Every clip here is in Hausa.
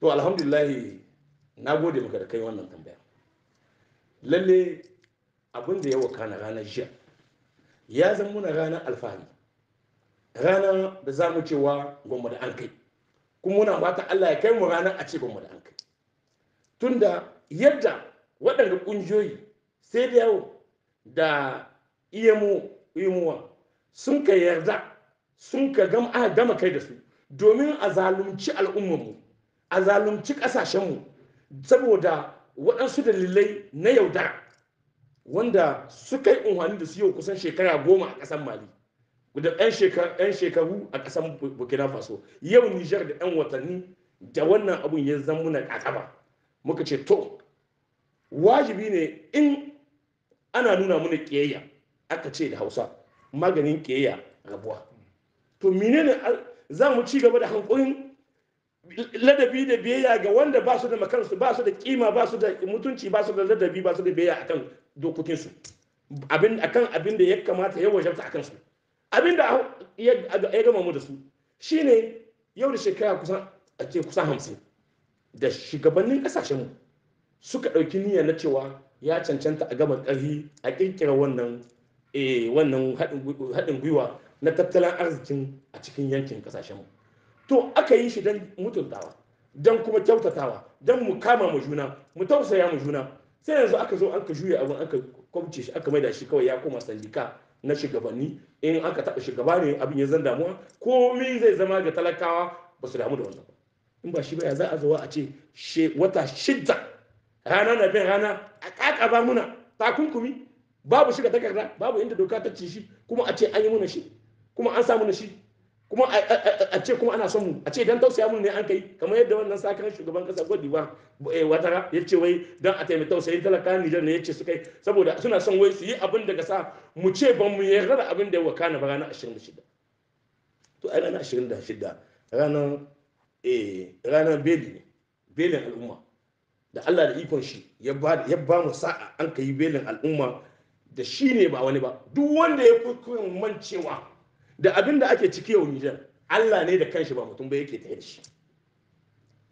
to alhamdulillahi na gode maka da kai wannan tambaya lalle abin da ya na ranar jiya ya zama muna ranar alfahari ranar da za mu cewa gwamma da an kai kuma muna bata allah ya kai mu ranar a ce gwamma an kai tunda yadda waɗanda ƙungiyoyi sai da yawo da iyamu e iyamuwa e sun ka yarda sun ka gama kai da su domin a zalunci al'ummarmu a zalunci ƙasashenmu saboda waɗansu dalilai na yaudara wanda suka yi unhani da su yau kusan shekara goma a ƙasar mali da ɗan shekaru a ƙasar burkina faso yau nijar da ɗan watanni da wannan abun ya zan muna ƙaƙaba muka ce to wajibi ne in ana nuna mana ƙiyayya aka ce da hausa maganin ƙiyayya rabuwa to menene za mu ci gaba da hankulin ladabi da biyayya ga wanda ba su da makansu ba su da kima ba su da mutunci ba su da ladabi ba su da biyayya akan dokokinsu abin akan abin da ya kamata ya wajabta akan su abin da ya gama mu da su shine yau da shekara kusan a ce kusan hamsin da shugabannin kasashenmu suka ɗauki niyya na cewa ya cancanta a gama ƙarfi a ƙirƙira wannan eh, wannan haɗin gwiwa na tattalin arzikin a cikin yankin kasashenmu to aka yi shi don mutuntawa don kuma kyautatawa don mu kama mu juna mu tausaya mu juna sai yanzu aka zo an ka juya abin aka kwamce shi aka maida shi kawai ya koma sandika na shugabanni in aka taɓa shugaba ne abin ya zan damuwa komi zai zama ga talakawa ba su damu da wannan in ba shi ba ya za a zo a ce wata shidda rana na bin rana a kakaba muna takunkumi babu shiga takarda babu inda doka ta ci shi kuma a ce an yi muna shi kuma an samu na shi kuma a ce kuma ana son mu a ce dan tausaya mun ne an kai kamar yadda wannan sakan shugaban kasa gwadiwa eh, wata ya ce wai dan a taimaka tausayin talaka Nijar ne ya ce su kai saboda suna son wai su yi abin daga sa mu ce ban mu yarda da abin da ya waka ba ranar 26 to ai ranar 26 ranar eh ranar beli ne belin al'umma da Allah da ikon shi ya ba ya ba mu sa'a an kai belin al'umma da shi ne ba wani ba duk wanda ya kuma mancewa da abin da ake ciki yau Nijar Allah ne da kanshi ba mutum ba yake ta shi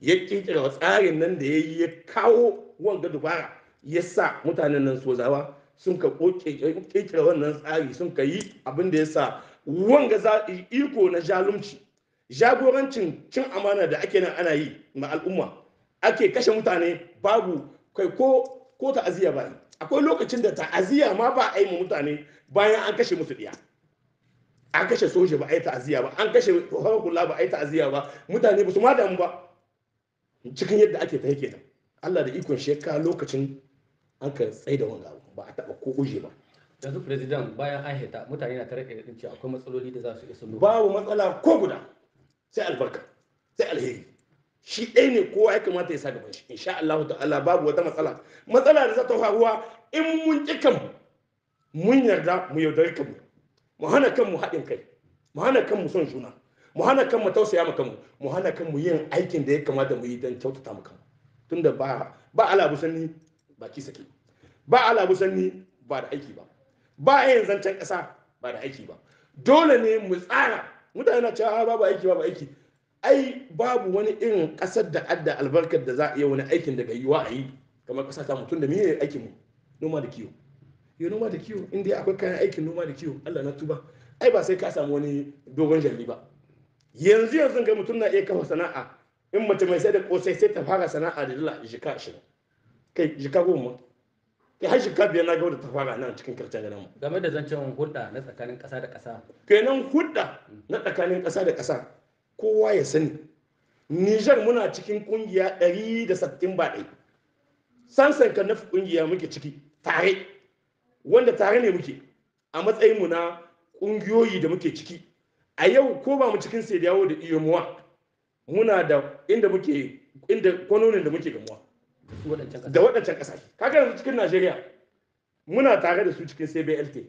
ya kirkira tsarin nan da ya yi ya kawo wanga dubara ya sa mutanen nan sozawa sun ka kirkira wannan tsari sun ka yi abin da ya sa wanga za iko na jalumci jagorancin cin amana da ake nan ana yi ma al'umma ake kashe mutane babu kai ko ta'aziyya ba akwai lokacin da ta'aziyya ma ba a yi ma mutane bayan an kashe musu diya an kashe soja ba a yi ta'aziyya ba an kashe tsohon kula ba a yi ta'aziyya ba mutane ba su ma damu ba cikin yadda ake ta yake Allah da ikon shi ka lokacin an ka tsaye da wanga ba a taba ko uje ba yanzu president bayan an hita mutane na tare da cewa akwai matsaloli da za su isa babu matsala ko guda sai albarka sai alheri shi ɗaya ne kowa ya kamata ya sa gaban shi insha Allah ta'ala babu wata matsala matsala da za ta faruwa in mun ƙi kanmu mun yarda mu yaudari kanmu mu hana kanmu haɗin kai mu hana kanmu son juna mu hana kanmu tausaya mu kanmu mu hana kanmu yin aikin da ya kamata mu yi don kyautata mu kanmu tunda ba ba alabu sanni ba ki sake ba alabu sanni ba da aiki ba ba yin zancen ƙasa ba da aiki ba dole ne mu tsara mutane na cewa ah, babu aiki babu aiki ai babu wani irin ƙasar da adda albarkar da za a iya wani aikin daga yiwa a yi kamar ƙasa ta mutum da me aikin mu noma da kiwo yi noma da kiwo inda akwai kayan aikin noma da kiwo allah na tuba ai ba sai ka samu wani dogon jalli ba yanzu yanzu ga mutum na iya kafa sana'a in mace mai sai da kosai sai ta fara sana'a da dala jika shi kai jika goma kai har jika biyar na ga wadda ta fara nan cikin karshen ganin mu game da zancen hulɗa na tsakanin ƙasa da ƙasa kenan hulɗa na tsakanin kasa da ƙasa kowa ya sani Nijar muna cikin kungiya 160 ba ɗai. Sansan ka nufi kungiya muke ciki tare. wanda tare ne muke a matsayinmu na ƙungiyoyi da muke ciki a yau ko ba mu cikin sai yawo da iyomuwa muna da inda muke inda kwanonin da muke gamuwa da waɗancan ƙasashe kaga yanzu cikin najeriya muna tare da su cikin cblt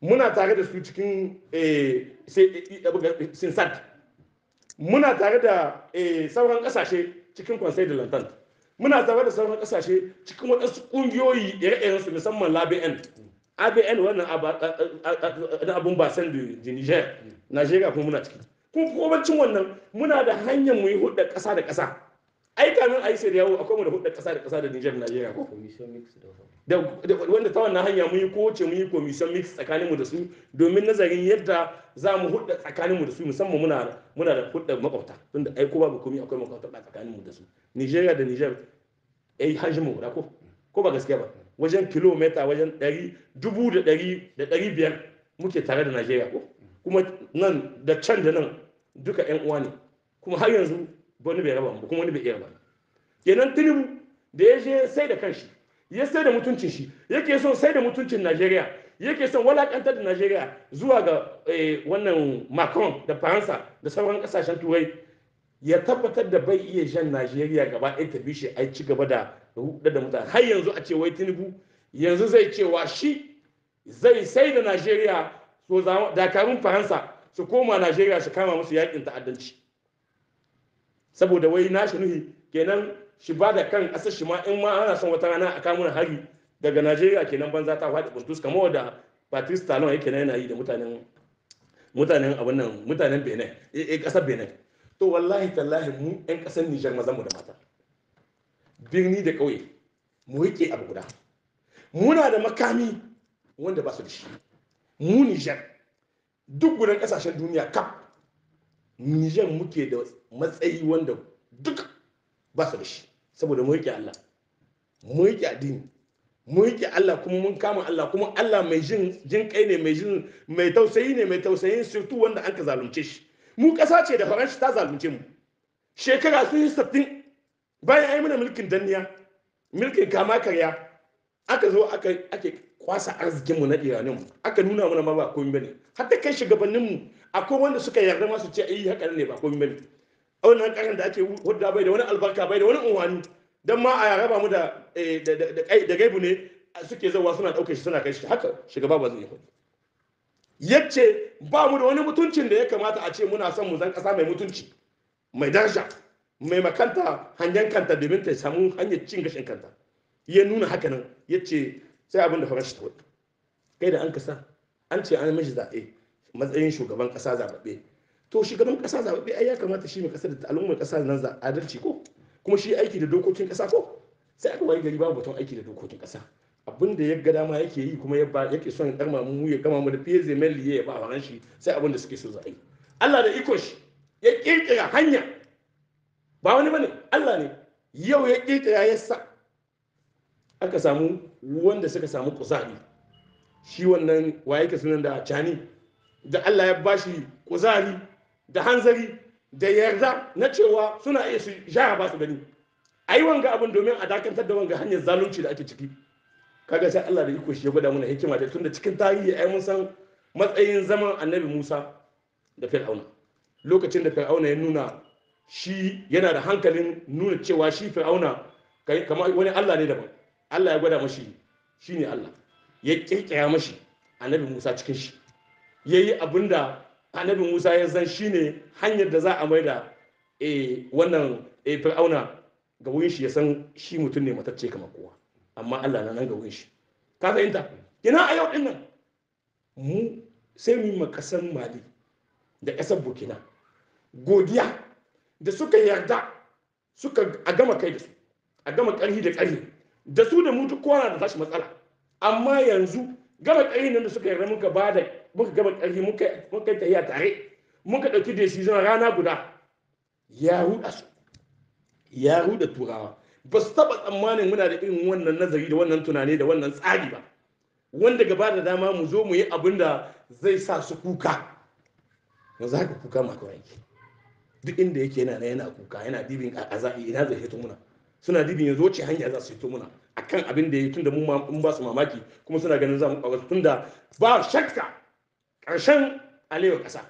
muna tare da su cikin eh, eh, sinsad muna tare da eh, sauran ƙasashe cikin kwansai da lantarki muna tare da sauran kasashe cikin waɗansu ƙungiyoyi ire-iren su musamman labin abn wannan abun basan da niger nigeria kuma muna ciki kuma kowancin wannan muna da hanyar mu yi hudda ƙasa da ƙasa ai kamin a yi sai da yawo akwai mu da hudda ƙasa da ƙasa da niger nigeria ko da wanda ta wannan hanya mu yi kowace mu yi commission mix tsakaninmu da su domin nazarin yadda za mu hudda tsakaninmu da su musamman muna muna da hudda makwabta tunda ai ko babu komi akwai makwabta da tsakaninmu da su Nigeria da Niger ai hajmu guda ko ko ba gaskiya ba wajen kilomita wajen 100 dubu da muke tare da Nigeria ko kuma nan da can da nan duka yan uwa ne kuma har yanzu wani bai raba mu kuma wani bai iya raba kenan tinubu da ya je sai da kanshi ya sai da mutuncin shi yake son sai da mutuncin Najeriya yake son walakantar da najeriya zuwa ga eh, wannan macron da faransa da sauran kasashen turai ya tabbatar da bai iya jan najeriya gaba ɗaya ta bishe a ci gaba da rudar da mutane har yanzu a ce wai tinubu yanzu zai cewa shi zai sai da najeriya so dakarun faransa su koma najeriya su kama musu yakin ta'addanci saboda wai nashi nuhi kenan shi ba da kan ƙasar shi ma in ma ana son wata rana a kamun hari daga najeriya kenan banza ta faɗi burtus kamar wadda patrice talon yake yana yi da mutanen mutanen abin nan mutanen benin eh, eh ƙasar benin to wallahi tallahi mu yan ƙasar nijar maza mu da mata birni da ƙauye mu rike abu guda muna da makami wanda ba su da shi mu nijar duk gudan kasashen duniya kaf nijar muke da matsayi wanda duk ba su da shi saboda mu rike allah mu rike addini mun rike Allah kuma mun kama Allah kuma Allah mai jin jin kai ne mai jin mai tausayi ne mai tausayin surtu wanda an ka zalunce shi mu kasa ce da faransa ta zalunce mu shekara sun yi bayan ai mana mulkin danniya mulkin kama karya aka zo aka ake kwasa arzikinmu na iranin mu aka nuna mana ma ba komai bane hatta kai shugabannin mu akwai wanda suka yarda ma su ce ai haka ne ba komai bane a wannan karin da ake hudda bai da wani albarka bai da wani unwani don ma a raba mu eh, da gaibu ne suke zauwa suna ɗauke shi suna kai shi haka shugaba ba zai yi yace ba mu da wani mutuncin da ya kamata a ce muna son mu zan ƙasa mai mutunci mai daraja mai makanta hangen kanta domin ta samu hanyar cin gashin kanta ya nuna haka nan yace sai abin da faransa ta wani kai da an kasa an ce an mashi zaɓe matsayin shugaban ƙasa zaɓaɓɓe to shugaban ƙasa zaɓaɓɓe ai ya kamata shi mai ƙasa da al'ummar ƙasa nan za adalci ko kuma shi aiki da dokokin ƙasa ko sai aka wayi gari babu batun aiki da dokokin ƙasa abin da ya ga dama yake yi kuma yake son ya mamu mu ya gama mu da fiye zemel ya ba a shi sai abin da suke so za a yi Allah da iko shi ya ƙirƙira hanya ba wani bane Allah ne yau ya ƙirƙira ya sa aka samu wanda suka samu kuzari shi wannan waye ka sunan da cani da Allah ya bashi kuzari da hanzari da yarda na cewa suna iya su jara ba su gani a yi wanga abin domin a dakantar da wanga hanyar zalunci da ake ciki kaga sai Allah da iko shi ya gwada mana hikima da tunda cikin tarihi ai mun san matsayin zaman annabi Musa da Fir'auna lokacin da Fir'auna ya nuna shi yana da hankalin nuna cewa shi Fir'auna kamar wani Allah ne daban Allah ya gwada mashi shine Allah ya kirkira mashi annabi Musa cikin shi yayi abinda annabi musa ya san ne hanyar da za a mai da eh, wannan eh, fir'auna ga wurin shi ya san shi mutum ne matacce kamar kowa amma allah na nan ga wurin shi ka fahimta ina a yau dinnan mu sai mu makasan mali da kasar burkina godiya da suka yarda suka a gama kai da su a gama karhi da karhi da su da mutu kowa na da tashi matsala amma yanzu gama ƙari nan da suka yarda muka ba da muka gama ƙari muka yi a tare muka ɗauki decision rana guda ya ruɗa su ya ruɗa turawa ba su taɓa tsammanin muna da irin wannan nazari da wannan tunani da wannan tsari ba wanda gaba da dama mu zo mu yi abin da zai sa su kuka za ka kuka makon duk inda yake yana yana kuka yana dibin a ina zai hito muna suna dibin yanzu wacce hanya za su hito muna akan abin da ya yi tunda mun ba su mamaki kuma suna ganin zamu tun tunda ba shakka ƙarshen alewa kasa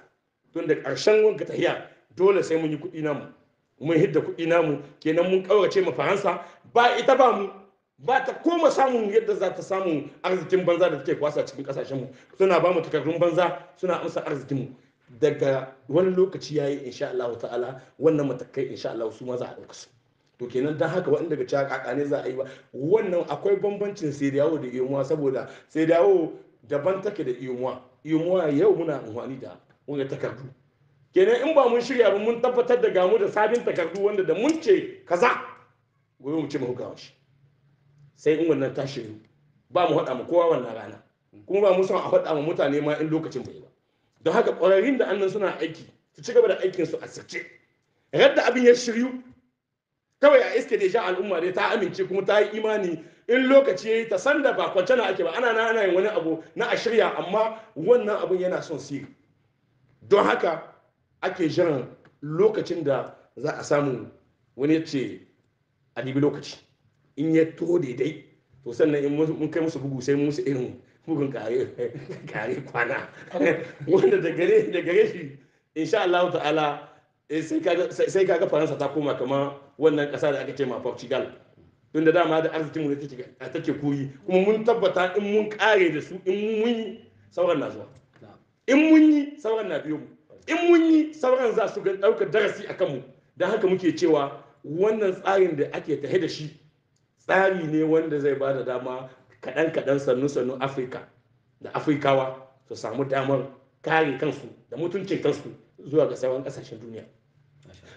tunda ƙarshen wanka tahiya dole sai mun yi kuɗi namu mun hidda kuɗi namu kenan mun ƙaurace ma faransa ba ita ba mu ba ta koma samun yadda za ta samu arzikin banza da take kwasa cikin mu suna ba mu takardun banza suna amsa arzikin mu daga wani lokaci yayi insha Allah ta'ala wannan matakai insha Allah su ma za a ɗauka su to kenan don haka waɗanda daga cewa ne za a yi ba wannan akwai bambancin sai dawo da imuwa saboda sai dawo daban take da imuwa imuwa yau muna amfani da wani takardu kenan in ba mun shirya ba mun tabbatar da gamu da sabin takardu wanda da mun ce kaza gobe mu ce mu hukawa shi sai in wannan ta shiryu ba mu haɗa mu kowa wannan rana kuma ba mu son a haɗa mu mutane ma in lokacin bai ba don haka ƙwararrun da annan suna aiki su ci gaba da aikinsu a sirce yadda abin ya shiryu kawai a iske deja al'umma dai ta amince kuma ta yi imani in lokaci ya yi ta sanda ba kwance na ake ba ana na ana yin wani abu na a shirya amma wannan abun yana son siri don haka ake jiran lokacin da za a samu wani ce a dibi lokaci in ya to daidai to sannan in kai musu bugu sai musu irin bugun kare kwana wanda da gare shi insha Allah ta'ala eh, sai kaga faransa ta koma kama wannan ƙasa da aka ce ma Portugal don da dama da arzikin mu ne take koyi kuma mun tabbata in mun kare da su in mun yi sauran na zuwa in mun yi sauran na biyo in mun yi sauran za su ga ɗaukar darasi a kanmu don haka muke cewa wannan tsarin da ake tahe da shi tsari ne wanda zai ba da dama kaɗan-kaɗan sannu-sannu afirka da afirkawa su samu damar kare kansu da mutuncin kansu zuwa ga sauran ƙasashen duniya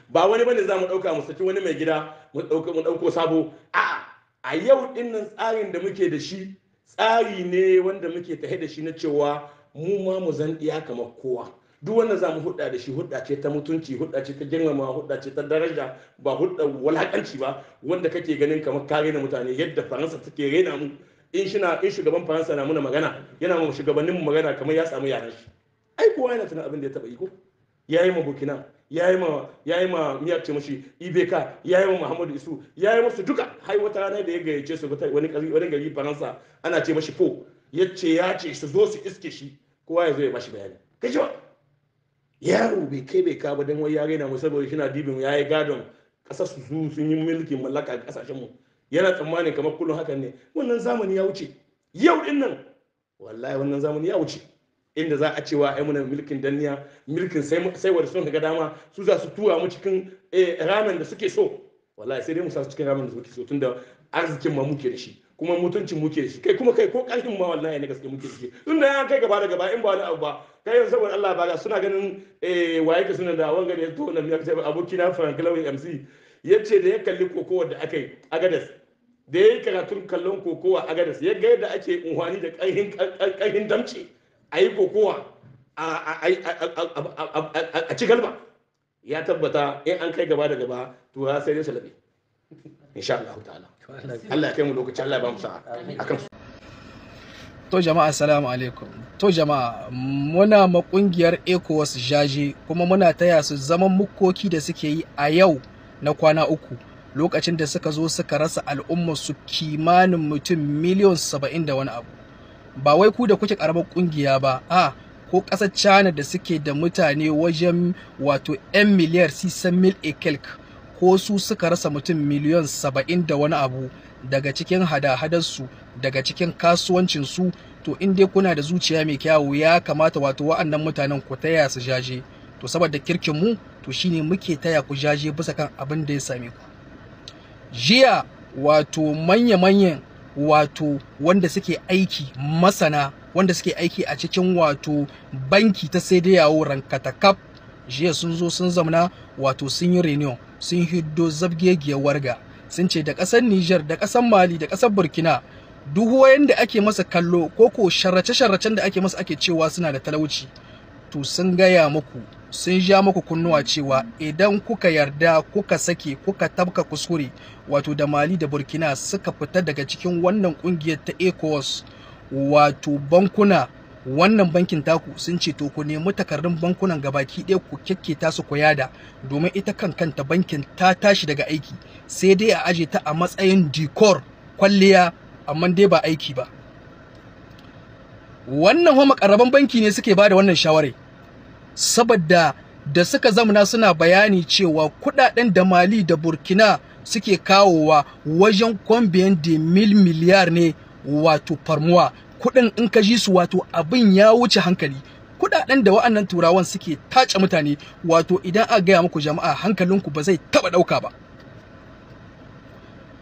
ba wani bane za mu dauka mu saki wani mai gida mu dauko sabo a'a a yau dinnan tsarin da muke da shi tsari ne wanda muke tahe da shi na cewa mu ma mu zan iya kamar kowa duk wanda za mu hudda da shi hudda ce ta mutunci hudda ce ta girmama hudda ce ta daraja ba hudda walakanci ba wanda kake ganin kamar ka rena mutane yadda faransa take rena mu in na in shugaban faransa na muna magana yana ma shugabannin mu magana kamar ya samu yaran shi ai kowa yana tunan abin da ya taba yi ko yayi ma bukina ya yi ma ya miyar ce mashi ibeka ya yi ma muhammadu isu ya yi musu duka hai wata rana da ya gayyace su wani wani gari faransa ana ce mashi po ya ce ya ce su zo su iske shi kowa ya zo ya bashi bayani kai ba yaro bai kai bai ka ba dan wai yare na mu saboda shi na dibin ya yi gadon kasa su zu sun yi mulkin mallaka a kasashen mu yana tsammanin kamar kullum hakan ne wannan zamani ya wuce yau din nan wallahi wannan zamani ya wuce inda za a cewa ai muna milkin danniya milkin sai wanda sun ga dama su za su tura mu cikin eh, ramen da suke so wallahi sai dai mu sa su cikin ramen da suke so tunda arzikin ma muke da shi kuma mutuncin muke da shi kai kuma kai ko karfin ma wallahi ne gaske muke da shi tunda ya kai gaba da gaba in ba wani abu ba kai yanzu saboda Allah ba suna ganin eh, waye ka suna da wanga ne to nan ya ce aboki na Frank Lawin MC yace da ya kalli kokowa da akai Agadas da ya yi karatun kallon kokowa Agadas ya ga yadda ake unhwani da karhin damce a yi kokowa a ci galba ya tabbata in an kai gaba da gaba to ya sai dai salabi insha Allah ta'ala Allah ya kai mu lokaci Allah ya ba mu sa'a akan to jama'a assalamu alaikum to jama'a muna ma kungiyar ECOWAS jaje kuma muna taya su zaman mukoki da suke yi a yau na kwana uku lokacin da suka zo suka rasa al'ummar su kimanin mutum miliyan saba'in da wani abu ba wai ku da kuke karamar kungiya ba a ko ƙasar china da suke da mutane wajen wato 'yan miliyar sisan mil a ko su suka rasa mutum miliyan saba'in da wani abu daga cikin hada-hadarsu daga cikin kasuwancinsu to in dai kuna da zuciya mai kyawu ya kamata wato wa'annan mutanen ku taya su jaje to saboda kirkin mu to shine muke taya ku jaje bisa kan abin da ya same ku jiya wato manya-manyan wato wanda suke aiki masana wanda suke aiki a cikin wato banki ta sai da yawo rankatakaf jiya sun zo sun zamana wato sun yi reunion sun hiddo zabgegiyar warga sun ce da ƙasar Nijar da ƙasar Mali da ƙasar Burkina duk da ake masa kallo ko ko sharace-sharacen da ake masa ake cewa suna da talauci to sun gaya muku sun ja muku kunnuwa cewa idan kuka yarda kuka sake kuka tabka kuskure wato da mali da burkina suka fita daga cikin wannan kungiyar ta ecowas wato bankuna wannan bankin taku sun ce to ku nemi takardun bankunan gabaki ɗaya ku ta su ku yada domin ita kan kanta bankin ta tashi daga aiki sai dai a aje ta a matsayin dikor kwalliya amma dai ba aiki ba wannan homa makarraban banki ne suke bada wannan shawarai saboda da suka zamana suna bayani cewa kuɗaɗen da mali da burkina suke kawowa wajen kwambiyan da mil miliyar ne wato farmuwa kuɗin in ka ji su wato abin ya wuce hankali kuɗaɗen da wa'annan turawan suke tace mutane wato idan a gaya muku jama'a hankalinku ba zai taɓa ɗauka ba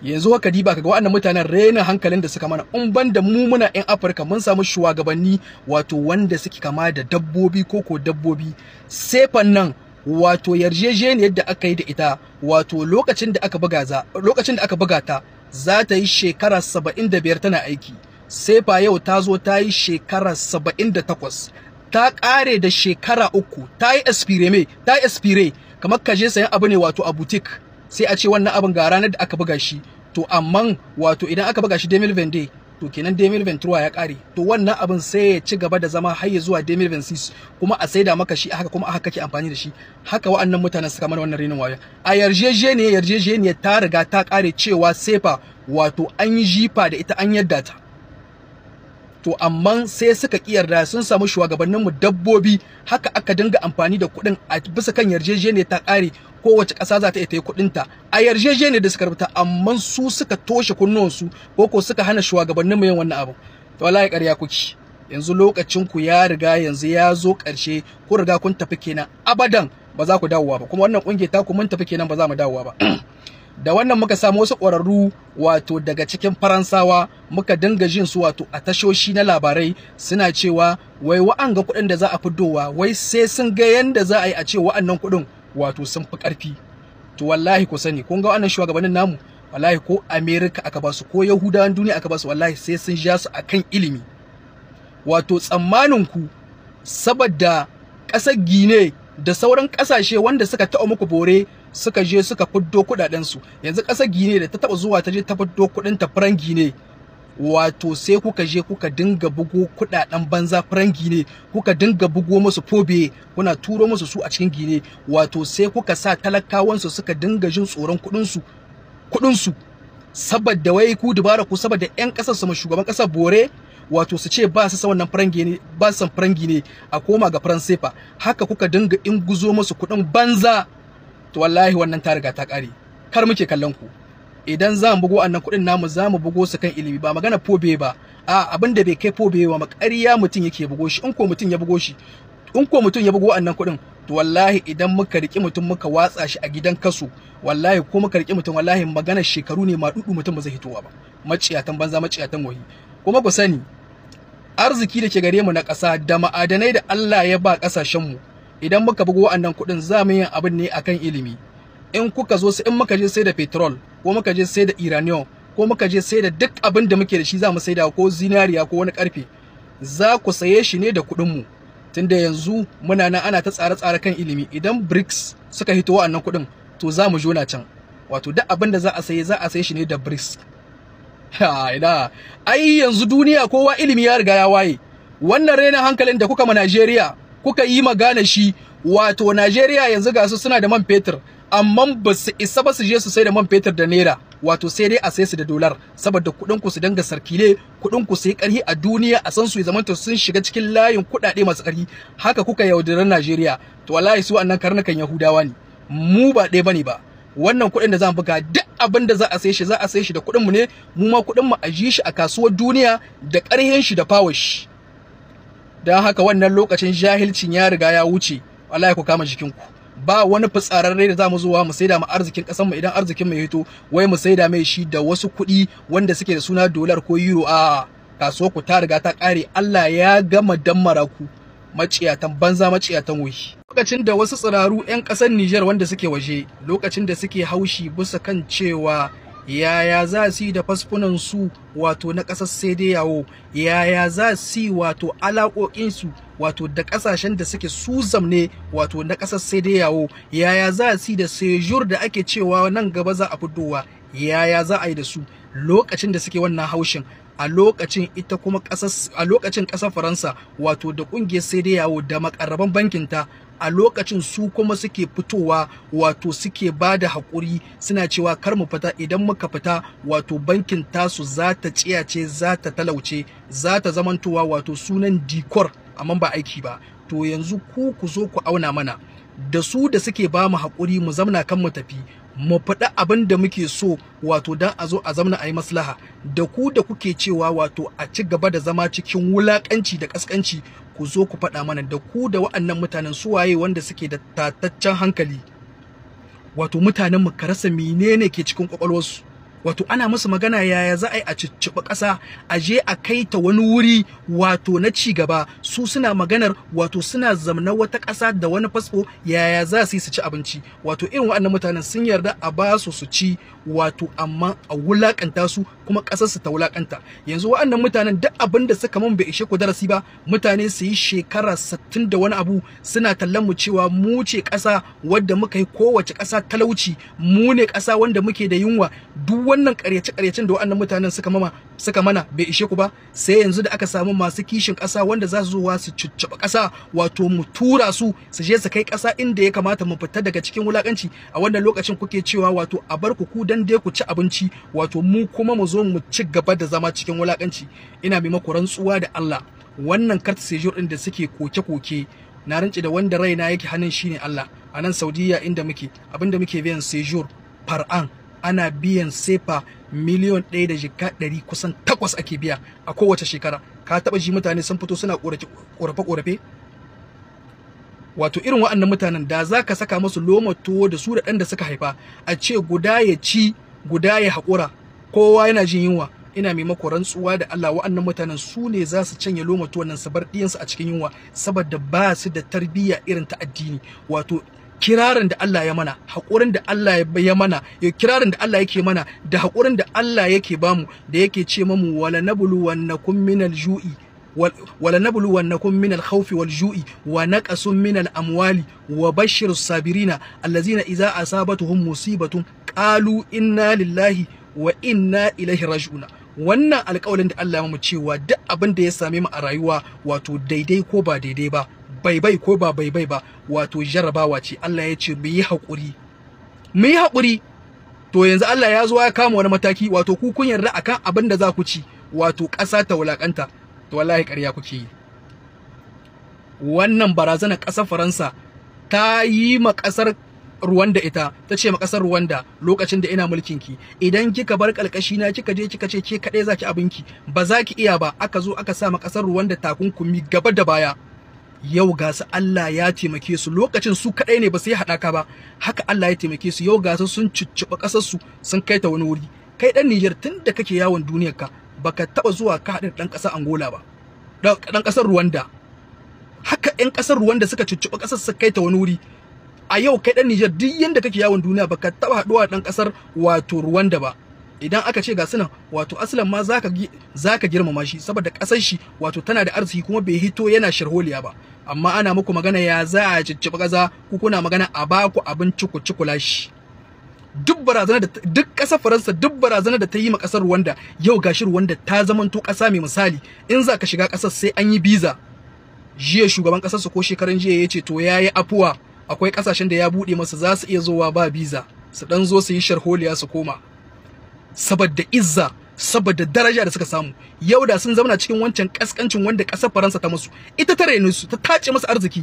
yanzu haka diba kaga wa'annan mutanen raina hankalin da suka mana in ban da mu muna yan afirka mun samu shugabanni wato wanda suke kama da dabbobi ko ko dabbobi sefan nan wato yarjejeniyar da aka yi da ita wato lokacin da aka buga za lokacin da aka buga ta za ta yi shekara 75 tana aiki sai fa yau ta zo ta yi shekara 78 ta kare da shekara uku ta yi aspire mai ta yi aspire kamar kaje sayan abu ne wato a butik sai a ce wannan abin ga ranar da aka buga shi to amma wato idan aka buga shi Demil to kenan demir ventura ya kare to wannan abin sai ya ci gaba da zama har zuwa demir vensis kuma a saida maka shi haka kuma haka kake amfani da shi haka wa'annan mutanen suka mana wannan renin waya a yarjejeniyar yarjejeniyar ta riga ta kare cewa sefa wato an yi jifa da ita an yadda ta to amma sai suka kiyarda sun samu shugabannin mu dabbobi haka aka dinga amfani da kuɗin a bisa kan yarjejeniya ta ƙare kowace ƙasa za ta iya ta yi kuɗinta a yarjejeniya da suka rubuta amma su suka toshe kunnuwansu ko ko suka hana shugabannin mu yin wannan abu to wallahi ƙarya kuki yanzu lokacin ku ya riga yanzu ya zo ƙarshe ko riga kun tafi kenan abadan ba za ku dawowa ba kuma wannan ƙungiyar ta ku mun tafi kenan ba za mu dawowa ba da wannan muka samu wasu ƙwararru wato daga cikin faransawa muka dinga jin su wato a tashoshi na labarai suna cewa wai wa'anga kuɗin da za a fidowa wai sai sun ga yanda za a yi a ce wa'annan kuɗin wato sun fi ƙarfi to wallahi ku sani kun ga wa'annan shugabannin namu wallahi ko america aka basu ko yahudawan duniya aka basu wallahi sai sun ja su akan ilimi wato tsammanin ku saboda ƙasar gine da sauran ƙasashe wanda suka taɓa muku bore suka je suka fuddo kudaden su yanzu ƙasar gine da ta taba zuwa ta je ta fiddo kudin ta furan gine wato sai kuka je kuka dinga bugo kudaden banza furan gine kuka dinga bugo musu fobe kuna turo musu su a cikin gine wato sai kuka sa talakawansu suka dinga jin tsoron kudin su saboda wai ku dubara ku saboda yan kasar su shugaban kasar bore wato su ce ba su san wannan ne ba san gine a koma ga faransefa haka kuka dinga in guzo musu kudin banza to wallahi wannan ta riga ta ƙare kar muke kallon ku idan za mu bugo annan kuɗin namu za mu bugo su kan ilimi ba magana fobe ba a abin da bai kai fobe ba makariya mutum yake bugo shi in ko mutum ya bugo shi in ko mutum ya bugo annan kuɗin to wallahi idan muka riki mutum muka watsa shi a gidan kaso wallahi ko muka riki mutum wallahi magana shekaru ne ma dudu mutum ba zai hitowa ba maciyatan banza maciyatan wahi kuma ku sani arziki da ke gare mu na ƙasa da ma'adanai da Allah ya ba ƙasashenmu mu idan muka bugu wa'annan kuɗin za mu yin abin ne akan ilimi in kuka zo in muka je sai da petrol ko muka je sai da iranium ko muka je sai da duk abin da muke da shi za mu sai da ko zinariya ko wani karfe za ku saye shi ne da kuɗin mu tunda yanzu muna nan ana ta tsare-tsare kan ilimi idan BRICS suka hito wa'annan kuɗin to za mu jona can wato duk abin da za a saye za a saye shi ne da BRICS ha ai yanzu duniya kowa ilimi ya riga ya waye wannan rena hankalin da kuka ma Najeriya kuka yi magana shi wato Najeriya yanzu ga su suna da man fetur amma ba su isa ba su je su sai da man fetur da naira wato sai dai a sai su da dolar saboda kuɗin ku su danga sarkile kuɗin ku su yi ƙarfi a duniya a san su ya zamanta sun shiga cikin layin kuɗaɗe masu ƙarfi haka kuka yaudarar Najeriya to wallahi su annan karnukan Yahudawa ne mu ba ɗaya bane ba wannan kuɗin da za mu buga duk abin da za a sai shi za a sai shi da kuɗin mu ne mu ma kuɗin mu a ji shi a kasuwar duniya da ƙarhin shi da fawar shi don haka wannan lokacin jahilcin ya riga ya wuce ya ku kama jikinku ba wani fitsararre da zamu zuwa mu saida mu arzikin kasan mu idan arzikin mu ya hito wai mu saida mai shi da wasu kuɗi wanda suke da suna dolar ko euro a kasuwar ku ta riga ta ƙare Allah ya gama dammara ku maciyatan banza maciyatan wuyi lokacin da wasu tsiraru 'yan ƙasar Nijar wanda suke waje lokacin da suke haushi bisa kan cewa yaya za su yi da fasfunansu wato na ƙasar sai dai yawo yaya za su yi wato alaƙoƙinsu wato da ƙasashen da suke su zamne wato na ƙasar sai dai yawo yaya za su yi da sejur da ake cewa nan gaba za a fitowa yaya za a yi da su lokacin da suke wannan haushin a lokacin ita kuma a lokacin ƙasar faransa wato da ƙungiyar sai dai yawo da makarraban bankinta a lokacin su kuma suke fitowa wato suke ba da haƙuri suna cewa kar mu fita idan muka fita wato bankin tasu za ta tsiyace za ta talauce za ta zamantowa wato sunan dikor amma ba aiki ba to yanzu ku ku zo ku auna mana da su da suke ba mu haƙuri mu zamna kan mu tafi mu faɗa abin da muke so wato dan a zo a zamna a yi maslaha da ku da kuke cewa wato a ci gaba da zama cikin wulakanci da ƙasƙanci ku zo ku faɗa mana da ku da wa'annan mutanen suwaye wanda suke da tataccen hankali wato mutanen mu ka rasa menene ke cikin ƙwaƙwalwarsu wato ana musu magana yaya za a yi a cicciɓi ƙasa a je a kai ta wani wuri wato na ci gaba su suna maganar wato suna zamna wata ƙasa da wani fasfo yaya za su yi su ci abinci wato irin waɗannan mutanen sun yarda a ba su su ci wato amma a wulaƙanta su kuma ƙasarsu su ta wulaƙanta yanzu waɗannan mutanen duk abin da suka mun bai ishe ku darasi ba mutane su yi shekara sittin da wani abu suna tallan mu cewa mu ce ƙasa wadda muka yi kowace ƙasa talauci mu ne ƙasa wanda muke da yunwa duk wannan karyace karyacen da wannan mutanen suka mama suka mana bai ishe ku ba sai yanzu da aka samu masu kishin ƙasa wanda za su zuwa su cuccaba ƙasa wato mu tura su su je su kai ƙasa inda ya kamata mu fita daga cikin wulakanci a wannan lokacin kuke cewa wato a bar ku ku dan dai ku ci abinci wato mu kuma mu zo mu ci gaba da zama cikin wulakanci ina mai maku rantsuwa da Allah wannan karta sejur din da suke koke-koke na rinci da wanda raina yake hannun shine Allah a nan Saudiya inda muke abinda muke biyan sejur far'an ana biyan sefa miliyon ɗaya da jika ɗari kusan takwas ake biya a kowace shekara ka taɓa ji mutane sun fito suna ƙorafe-ƙorafe wato irin wa'annan mutanen da za ka saka masu lomato tuwo da su da ɗan da suka haifa a ce guda ya ci guda ya haƙura kowa yana jin yunwa ina mai mako rantsuwa da Allah wa'annan mutanen su ne za su canye lomato tuwon nan su bar ɗiyansu a cikin yunwa saboda ba su da tarbiyya irin ta addini wato kirarin da Allah ya mana haƙurin da Allah ya mana kirarin da Allah yake mana da haƙurin da Allah yake bamu da yake ce mamu wala nabulu wannakum minal ju'i wala nabulu wannakum minal khawfi wal ju'i wa naqasun minal amwali wa bashir sabirina allazina idza asabatuhum musibatun qalu inna lillahi wa inna ilaihi raji'un wannan alƙawarin da Allah ya mu cewa duk abin da ya same mu a rayuwa wato daidai ko ba daidai ba baibai ko ba baibai ba wato jarabawa ce Allah ya ce mu yi haƙuri mu haƙuri to yanzu Allah ya zo ya kama wani mataki wato ku kun yarda akan abin da za ku ci wato ƙasa ta wulaƙanta to wallahi ƙarya kuke yi wannan barazanar ƙasar Faransa ta yi ma ƙasar Rwanda ita ta ce ma ƙasar Rwanda lokacin da ina mulkin ki idan kika bar kalkashi na kika je kika ce ke kadai zaki abinki ba za ki iya ba aka zo aka sa ma ƙasar Rwanda takunkumi gaba da baya yau ga su Allah ya taimake su lokacin su kadai ne ba sai haɗaka ba haka Allah ya taimake su yau ga su sun cicciɓa ƙasar su sun kai ta wani wuri kai dan Niger tun da kake yawon duniyar ka baka taba zuwa ka haɗin dan ƙasar Angola ba dan ƙasar Rwanda haka ƴan ƙasar Rwanda suka cicciɓa ƙasar su kai ta wani wuri a yau kai dan Niger duk yanda kake yawon duniya baka taba haɗuwa dan ƙasar wato Rwanda ba idan aka ce ga suna wato aslan ma zaka zaka girmama shi saboda kasar shi wato tana da arziki kuma bai hito yana sharholiya ba amma ana muku magana ya za a cicciɓi ƙasa ku kuna magana a ba ku abin ciku ci kula shi duk barazana da duk ƙasar Faransa duk barazana da ta yi ma ƙasar Rwanda yau gashi Rwanda ta zamanto ƙasa mai misali in za ka shiga ƙasar sai an yi biza jiya shugaban ƙasar su ko shekaran jiya ya ce to ya yi afuwa akwai ƙasashen da ya buɗe masa za su iya zowa ba biza su dan zo su yi sharholiya su koma saboda izza saboda daraja da suka samu yau da sun zauna cikin wancan kaskancin wanda ƙasar faransa ta musu ita ta ne su ta tace musu arziki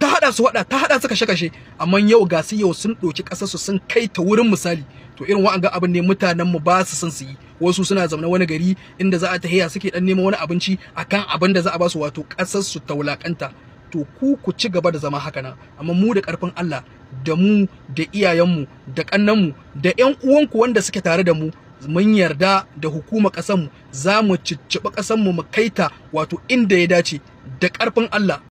ta hada su hada ta hada su kashe kashe amma yau ga su yau sun ɗauki ƙasar su sun kai ta wurin misali to irin wa'anga abin ne mutanen mu ba su son su yi wasu suna zaune wani gari inda za a tahiya suke dan neman wani abinci akan abin da za a ba su wato ƙasar su ta wulakanta to ku ku ci gaba da zama haka nan amma mu da karfin Allah da mu da iyayenmu da kannanmu da ƴan uwanku wanda suke tare da mu mun yarda da hukuma ƙasanmu za mu cicciɓi kasanmu mu kaita wato inda ya dace da ƙarfin Allah